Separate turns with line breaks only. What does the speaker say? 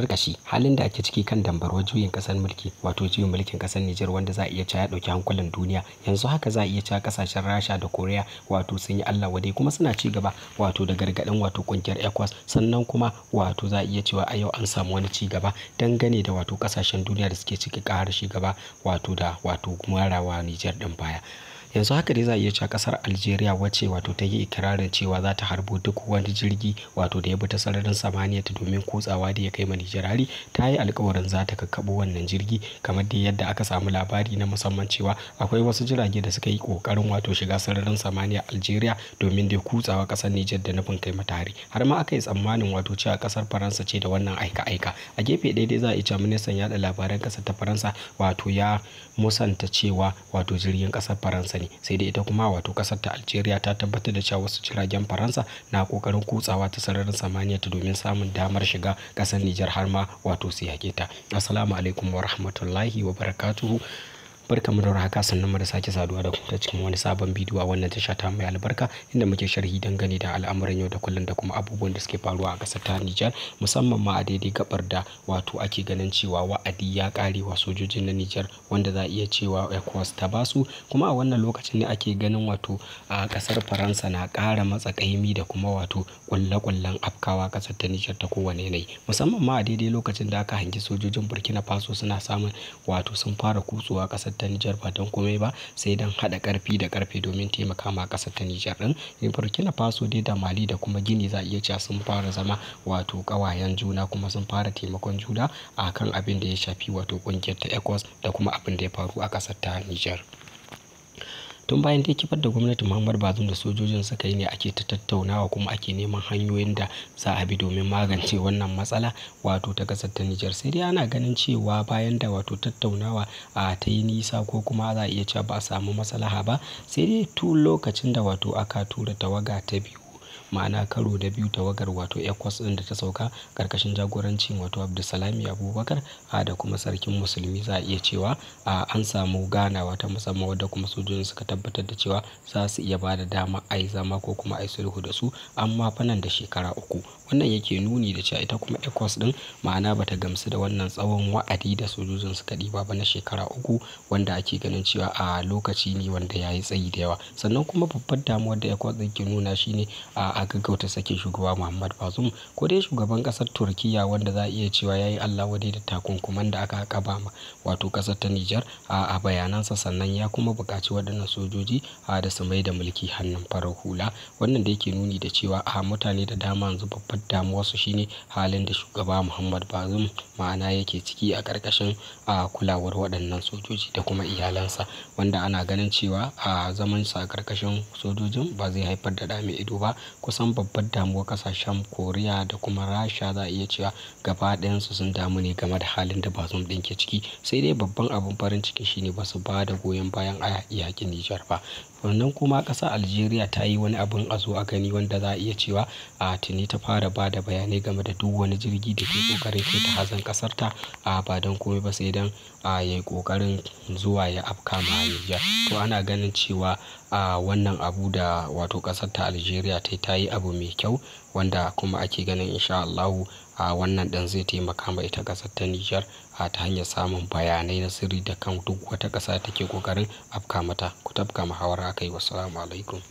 karkashi halin da ake ciki kan dambarwar juyin kasar mulki wato juyin mulkin kasar Nijar wanda za a iya cewa ya dauki hankulan duniya yanzu haka za a iya cewa kasashen Rasha da Korea wato sun yi Allah wadai kuma suna ci gaba wato da gargadin wato kungiyar ECOWAS sannan kuma wato za a iya cewa a yau an samu wani ci gaba dangane da wato kasashen duniya da suke ciki karar shi gaba wato da wato marawa Nijar din baya yanzu haka dai za a iya cewa kasar algeria wacce wato ta yi ikirarin cewa za ta harbo duk wani jirgi wato da ya bi ta sararin samaniya ta domin kutsawa da ya kai ma nijar hari ta yi alkawarin za ta kakkabo wannan jirgi kamar dai yadda aka samu labari na musamman cewa akwai wasu jirage da suka yi kokarin wato shiga sararin samaniya algeria domin da kutsawa kasar nijar da nufin kai mata hari har ma aka yi tsammanin wato cewa kasar faransa ce da wannan aika-aika a gefe ɗaya dai za a iya ministan yada labaran kasar ta faransa wato ya musanta cewa wato jirgin kasar faransa sai dai ita kuma wato kasar ta algeria ta tabbatar da cewa wasu jiragen faransa na kokarin kutsawa ta sararin samaniya ta domin samun damar shiga kasar niger har ma wato su yake ta assalamu alaikum wa rahmatullahi wa barakatuhu barka mu da haka sannan mu da sake saduwa da kuma cikin wani sabon bidiyo a wannan tasha ta mai albarka inda muke sharhi dangane da al'amuran yau da kullum da kuma abubuwan da suke faruwa a ƙasar ta Nijar musamman ma a daidai gabar da wato ake ganin cewa wa'adi ya kare wa sojojin na Nijar wanda za a iya cewa ECOWAS ta basu kuma a wannan lokacin ne ake ganin wato a kasar Faransa na kara matsa kaimi da kuma wato kulle-kullen afkawa ƙasar ta Nijar ta kowane yanayi musamman ma a daidai lokacin da aka hangi sojojin Burkina Faso suna samun wato sun fara kutsuwa ƙasar ta Nijar ba don komai ba sai don haɗa karfi da karfe domin taimaka ma ƙasar ta Nijar ɗin. Eh, Burkina Faso dai da Mali da kuma Gini za a iya cewa sun fara zama wato ƙawayen juna kuma sun fara taimakon juna a kan abin da ya shafi wato ƙungiyar ta ECOWAS da kuma abin da ya faru a ƙasar ta Nijar. tun bayan da ya kifar da gwamnatin muhammad bazum da sojojin suka yi ne ake ta tattaunawa kuma ake neman hanyoyin da za a bi domin magance wannan matsala wato ta kasar ta nijar sai dai ana ganin cewa bayan da wato tattaunawa a ta yi nisa ko kuma za a iya cewa ba a samu maslaha ba sai dai tun lokacin da wato aka tura tawaga ta biyu ma'ana karo da biyu tawagar wato ecos din da ta sauka karkashin jagorancin wato Abdulsalami Abubakar a da kuma sarkin musulmi za a iya cewa a an samu gana wata musamman wadda kuma sojojin suka tabbatar da cewa za su iya ba da dama a yi zama ko kuma a yi sulhu da su amma fanan da shekara uku Wannan yake nuni da cewa ita kuma ecos din ma'ana bata gamsu da wannan tsawon wa'adi da sojojin suka ɗiba ba na shekara uku wanda ake ganin cewa a lokaci ne wanda ya yi tsayi da yawa. Sannan kuma babbar damuwar da ecos din ke nuna shine ne a gaggauta sake shugaba Muhammad bazum ko dai shugaban kasar Turkiyya wanda za a iya cewa ya yi Allah wadai da takunkuman da aka ba ma wato ƙasar ta Nijar a bayanansa sannan ya kuma buƙaci waɗannan sojoji da su mai da mulki hannun farar hula. Wannan da yake nuni da cewa a mutane da dama yanzu babbar damuwarsu shine halin da shugaba Muhammad bazum ma'ana yake ciki a ƙarƙashin a kulawar waɗannan sojoji da kuma iyalansa wanda ana ganin cewa a zaman a ƙarƙashin sojojin ba zai haifar da dami ido ba kusan babbar damuwar ƙasashen Koriya da kuma Rasha za a iya cewa gaba ɗayansu sun damu ne game da halin da bazum ɗin ke ciki sai dai babban abin farin ciki shine ba su ba da goyon bayan a yaƙin Nijar ba Wannan kuma ƙasar Algeria ta yi wani abin a zo a gani wanda za a iya cewa a tuni ta fara ba da bayanai game da duk wani jirgi da ke ƙoƙarin hazan kasar ƙasarta a ba don komai ba sai don a yi kokarin zuwa ya afka ma Nijar. To ana ganin cewa a wannan abu da wato ƙasar ta Algeria ta yi abu mai kyau wanda kuma ake ganin insha'allahu Allahu. a wannan ɗin zai taimaka ma ita ƙasar ta Nijar a ta hanyar samun bayanai na sirri da kan duk wata ƙasa take ƙoƙarin afka mata ku tafka muhawara akai wassalamu alaikum